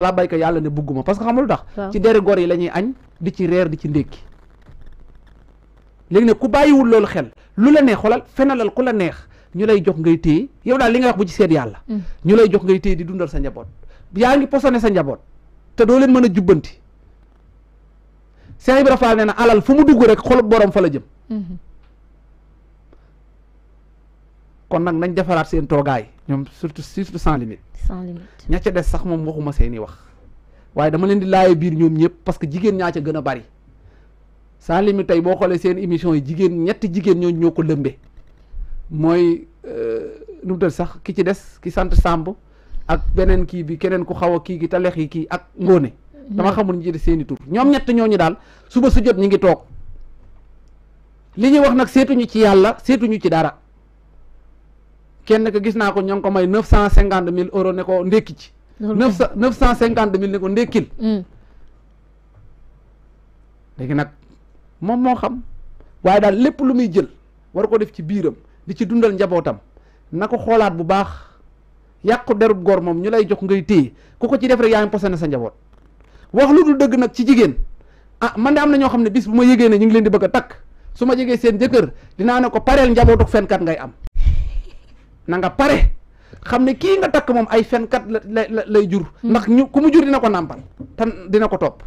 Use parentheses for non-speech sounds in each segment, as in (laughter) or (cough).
la bayka yàlla ne bugguma parce que xam nga lu tax ci deri gor yi la añ di ci reer di ci ndékki léegi ku bàyyiwul loolu xel lu la neex xoolal fenalal ku la neex ñu lay jox ngay téye yow daal li nga wax bu ci seet yàlla mm. ñu lay jox ngay téye di dundal sa njaboot yaa ngi posone sa njaboot te doo leen mën a jubbanti Cheikh Ibra Fall nee na alal fu mu dugg rek xol borom fa la jëm mm-hmm. kon nag nañ defaraat seen toogaay ñoom surtout surtout sans limite. sans limite ña ca des sax moom waxuma seeni wax waaye dama leen di laaye biir ñoom ñëpp parce que jigéen ñaa ca gën a bari sans limite tey boo xoolee seen émission yi jigéen ñetti jigéen ñoo ñoo ko lëmbee mooy euh, nu mu sax ki ci des ki sant Samb ak beneen kii bi keneen ku xaw a kii gi talex yi kii ak ngóone dama xamul ñu jëlee seen tur ñoom ñett ñooñu daal suba su jot ñi ngi toog li ñuy wax nag seetuñu ci yàlla seetuñu ci dara. kenn ka gis naa ko ñoo ngi ko may neuf cent cinquante mille euros ne ko ndékki ci neuf cent cinquante mil ne ko ndékkil mm. léegi nag moom moo xam waaye daal lépp lu muy jël war ko def ci biiram di ci dundal njabootam na ko xoolaat bu baax yàqu derub góor moom ñu lay jox ngay téye ku ko ci def rek yaa ngi posé sa njaboot wax lu dul dëgg nag ci jigéen ah man de am na ñoo xam ne bis bu ma yëgee ne ñu ngi leen di bëgg a takk su ma jegee seen jëkkër dinaa ne ko pareel njabootuk fenkat ngay am na nga pare xam ne kii nga takk moom ay fenkat la lay jur hmm. ndax ñu ku mu jur dina ko nàmpal te dina ko topp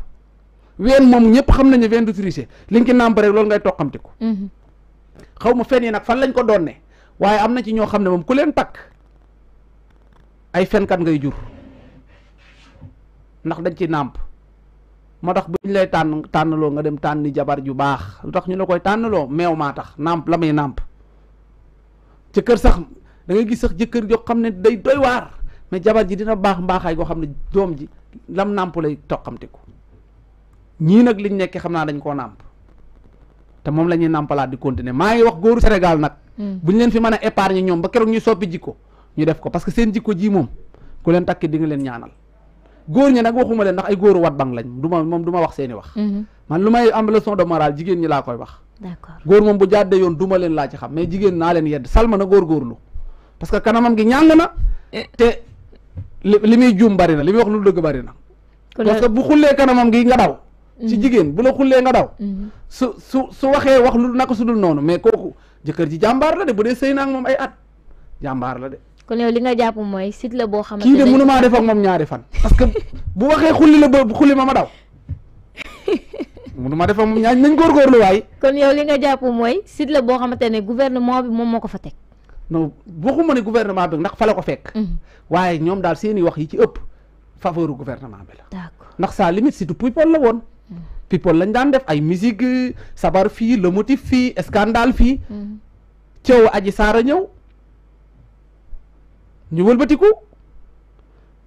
ween moom ñëpp xam nañu ween du tricher li nga ki nàmpa rek loolu ngay toqamti ko hmm. xaw ma fen yi nag fan lañ ko doon ne waaye am na ci ñoo xam ne moom ku leen takk ay fenkat ngay jur ndax dañ ci nàmp moo tax buñ lay tànn tànnloo nga dem tànni jabar ju baax lu tax ñu la koy tànnloo meew maa tax nàmp la muy nàmp ci kër sax dangay gis sax jëkkër joo xam ne day doy waar mais jabar ji dina baax mbaaxaay goo xam ne doom ji lam nàmp lay toqamte ko ñii nag liñ nekkee xam naa dañ koo nàmp te moom la ñuy nàmpalaat di continuer maa ngi wax góoru Sénégal nag hmm. bu ñu leen fi mën a épargne ñoom ba keroog ñu soppi jikko ñu def ko parce que seen jikko ji moom ku leen takki di nga leen ñaanal góor ñi nag waxuma leen ndax ay góoru wat bang lañ du moom du ma wax seeni wax hmm. man lu may am leçon de morale jigéen ñi laa koy wax d'accord góor moom bu jàddee yoon duma leen laa ci xam mais jigéen naa leen yedd salma na góorgóorlu parce que kanamam gi ñàng na eh. te li muy juum bari na li muy wax lu dëgg bari na parce que bu xullee kanamam gi nga daw mm-hmm. jigéen bu la nga daw mm-hmm. su su su waxee wax lu naka su dul noonu mais kooku jëkkër ji jàmbaar la de bu dee sëy naa ak moom ay at jàmbaar la de kon yow li nga jàpp mooy site la boo xamante ne kii de maa def moom ñaari fan parce que (laughs) bu waxee xulli la ba xulli ma ma daw (laughs) mënu maa def ak moom ñaari nañ góorgóorlu waay kon yow li nga jàpp mooy site la xamante ne gouvernement bi moom moo ko fa teg non waxuma ne gouvernement bi ndax fa ko fekk. Mhm. waaye ñoom daal seeni wax yi ci ëpp faveur gouvernement bi la. ndax saa limite surtout people la woon. Mhm. people la daan def ay musique sabar fii le motif fii scandale fii. Mhm. ceew aji saara ñëw ñu wëlbatiku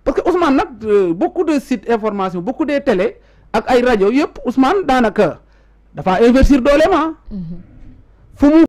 parce que Ousmane nag euh, beaucoup de sites information beaucoup dee télé ak ay rajo yëpp Ousmane daanaka dafa investir dooleem ah. fu mu